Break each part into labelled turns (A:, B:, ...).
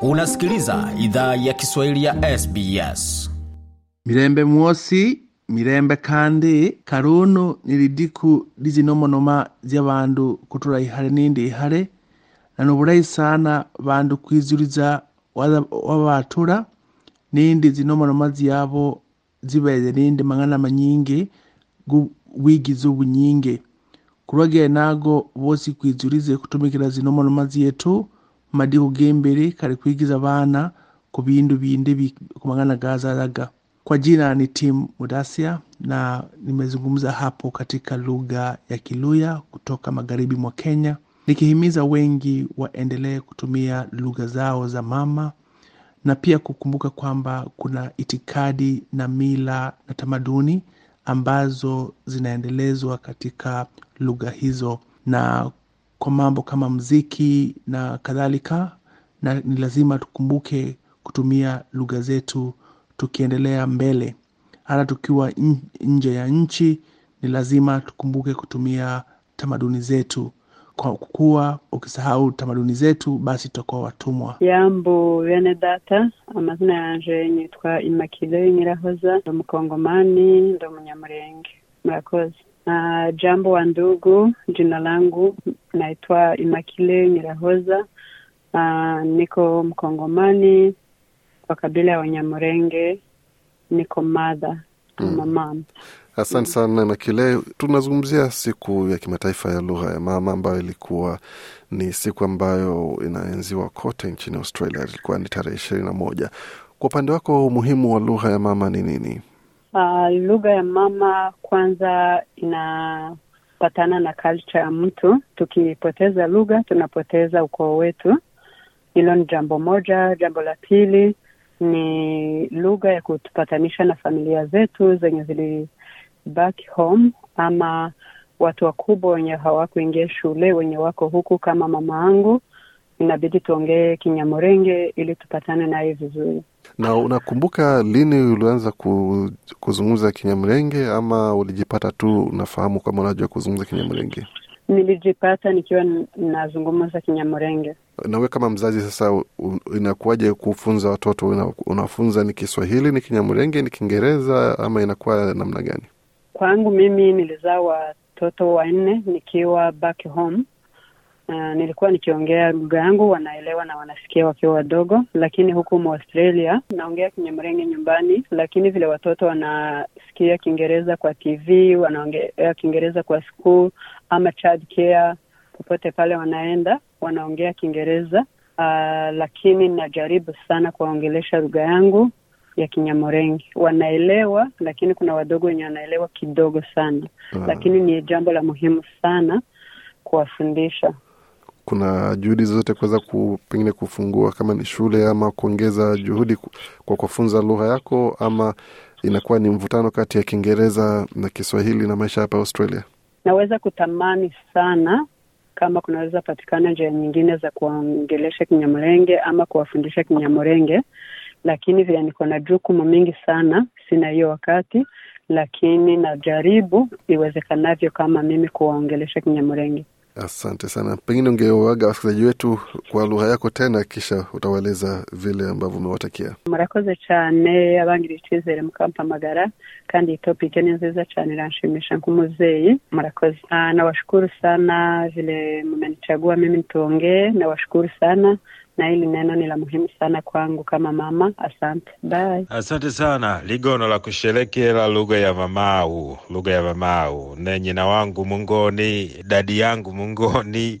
A: unasikiliza idhaa ya kiswahili ya sbs
B: mirembe mwosi mirembe kandi karunu lizinomonoma zya vandu kutura ihale nindi ihale na bulayi sana bandu kwizuliza wabatula nindi zinomonoma zyabo zibele nindi mang'ana manyingi bwigizi bunyingi kulwa genago bosi kwizulize kutumikila zinomonoma zyetu amadiiho g'embere kari kuigiza vana kubindu bindu kumangana gaza mang'ana Kwa jina ni Tim Mudasia na nimezungumza hapo katika lugha ya Kiluya kutoka magharibi mwa Kenya, nikihimiza wengi waendelee kutumia lugha zao za mama na pia kukumbuka kwamba kuna itikadi na mila na tamaduni ambazo zinaendelezwa katika lugha hizo na kwa mambo kama mziki na kadhalika, na ni lazima tukumbuke kutumia lugha zetu tukiendelea mbele. Hata tukiwa nje ya nchi ni lazima tukumbuke kutumia tamaduni zetu kwa kuwa ukisahau tamaduni zetu basi tutakuwa watumwa.
C: Jambo vene data, amazina yanje nitwa Imakile Nyirahoza, ndo mkongomani ndo mnyamurenge Murakoze. Na jambo wa ndugu, jina langu naitwa Imakile Nyirahoza. Uh, niko Mkongomani kwa kabila ya Wanyamurenge, niko madha ama mam.
D: Asante mm. sana Makile. Tunazungumzia siku ya kimataifa ya lugha ya mama ambayo ilikuwa ni siku ambayo inaenziwa kote nchini Australia, ilikuwa ni tarehe ishirini na moja. Kwa upande wako, umuhimu wa lugha ya mama ni nini?
C: Uh, lugha ya mama kwanza inapatana na culture ya mtu. Tukipoteza lugha tunapoteza ukoo wetu, hilo ni jambo moja. Jambo la pili ni lugha ya kutupatanisha na familia zetu zenye zili back home ama watu wakubwa wenye hawakuingia shule wenye wako huku kama mama angu inabidi tuongee kinyamorenge ili tupatane naye vizuri.
D: Na unakumbuka lini ulianza kuzungumza kinyamrenge ama ulijipata tu, unafahamu kama unajua kuzungumza kinyamrenge
C: Nilijipata nikiwa nazungumza kinyamrenge
D: Nawe kama mzazi sasa, inakuwaje kufunza watoto? Unafunza ni Kiswahili, ni kinyamrenge ni Kiingereza ama inakuwa namna gani?
C: Kwangu mimi nilizaa watoto wanne nikiwa back home Uh, nilikuwa nikiongea lugha yangu wanaelewa na
D: wanasikia wakiwa
C: wadogo, lakini huku Australia naongea Kinyamrenge nyumbani, lakini vile watoto wanasikia Kiingereza kwa TV, wanaongea Kiingereza kwa school ama child care, popote pale wanaenda wanaongea Kiingereza. Uh, lakini najaribu sana kuwaongelesha lugha yangu ya Kinyamorengi wanaelewa, lakini kuna wadogo wenye wanaelewa kidogo sana. Wow. Ah. Lakini ni jambo la muhimu sana kuwafundisha
D: kuna juhudi zozote kuweza pengine kufungua kama ni shule ama kuongeza juhudi kwa kufunza lugha yako, ama inakuwa ni mvutano kati ya Kiingereza na Kiswahili na maisha hapa Australia?
C: Naweza kutamani sana kama kunaweza patikana njia nyingine za kuongelesha Kinyamulenge ama kuwafundisha Kinyamulenge, lakini vile niko na jukumu mingi sana, sina hiyo wakati, lakini najaribu iwezekanavyo kama mimi kuwaongelesha Kinyamulenge.
D: Asante sana. Pengine ungewaga wasikilizaji wetu kwa lugha yako tena, kisha utawaeleza vile ambavyo umewatakia.
C: murakoze cyane abangiriye icyizere mukampamagara kandi iyi topike ni nziza cyane iranshimisha nk'umuzeyi. murakoze ah, nawashukuru sana vile mumenichagua mimi ntonge, nawashukuru sana na hili neno ni la muhimu sana kwangu kama mama. Asante, bye.
A: Asante sana ligono la kusherekela lugha ya mamau, lugha ya mamau ne nyina wangu mungoni, dadi yangu mungoni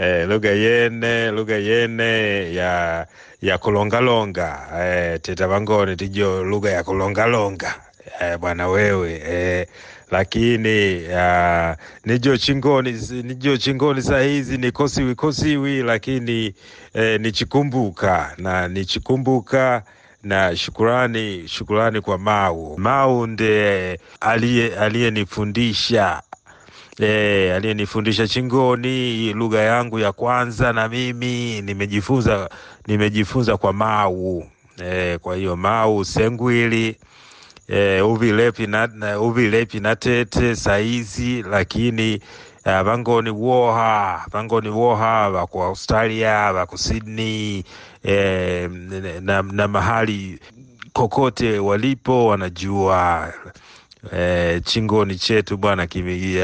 A: E, lugha yene lugha yene ya ya kulongalonga eh, teta vangoni tijo lugha ya kulongalonga e, bwana wewe e, lakini uh, nijo chingoni nijo chingoni saa hizi nikosiwi kosiwi, lakini eh, nichikumbuka na nichikumbuka na shukurani shukurani kwa Mau. Mau nde aliyenifundisha E, aliyenifundisha Chingoni lugha yangu ya kwanza, na mimi nimejifunza nimejifunza kwa Mau. E, kwa hiyo Mau Sengwili e, eh, uvilepi na, na, uvilepi na tete saizi lakini Uh, vangoni woha vangoni woha vaku Australia vaku Sydney eh, na, na mahali kokote walipo wanajua eh, chingoni chetu bwana,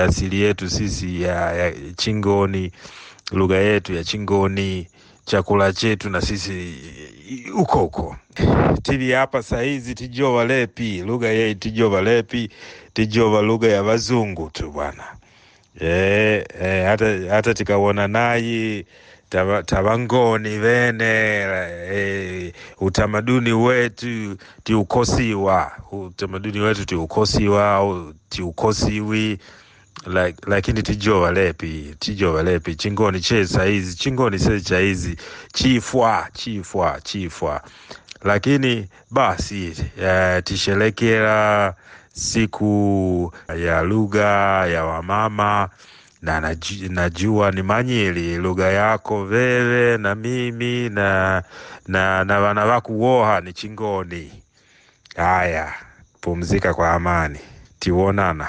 A: asili yetu sisi ya, ya chingoni, lugha yetu ya chingoni chakula chetu na sisi huko huko. Tili hapa sahizi tijova lepi lugha yei, tijova lepi tijova lugha ya wazungu tu bwana e, e, hata, hata tikawona nayi tavangoni vene e, utamaduni wetu tiukosiwa, utamaduni wetu tiukosiwa tiukosiwi like, lakini tijo walepi tijo walepi chingoni che saizi chingoni se chaizi chifwa chifwa chifwa lakini basi uh, eh, tisherekera siku ya lugha ya wamama na najua ni manyili lugha yako veve na mimi na na na vana woha ni chingoni haya pumzika kwa amani tiwonana